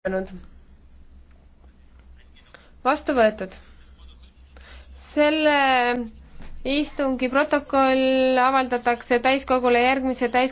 lõppenud. vastu võetud. selle istungi protokoll avaldatakse täiskogule järgmise täis-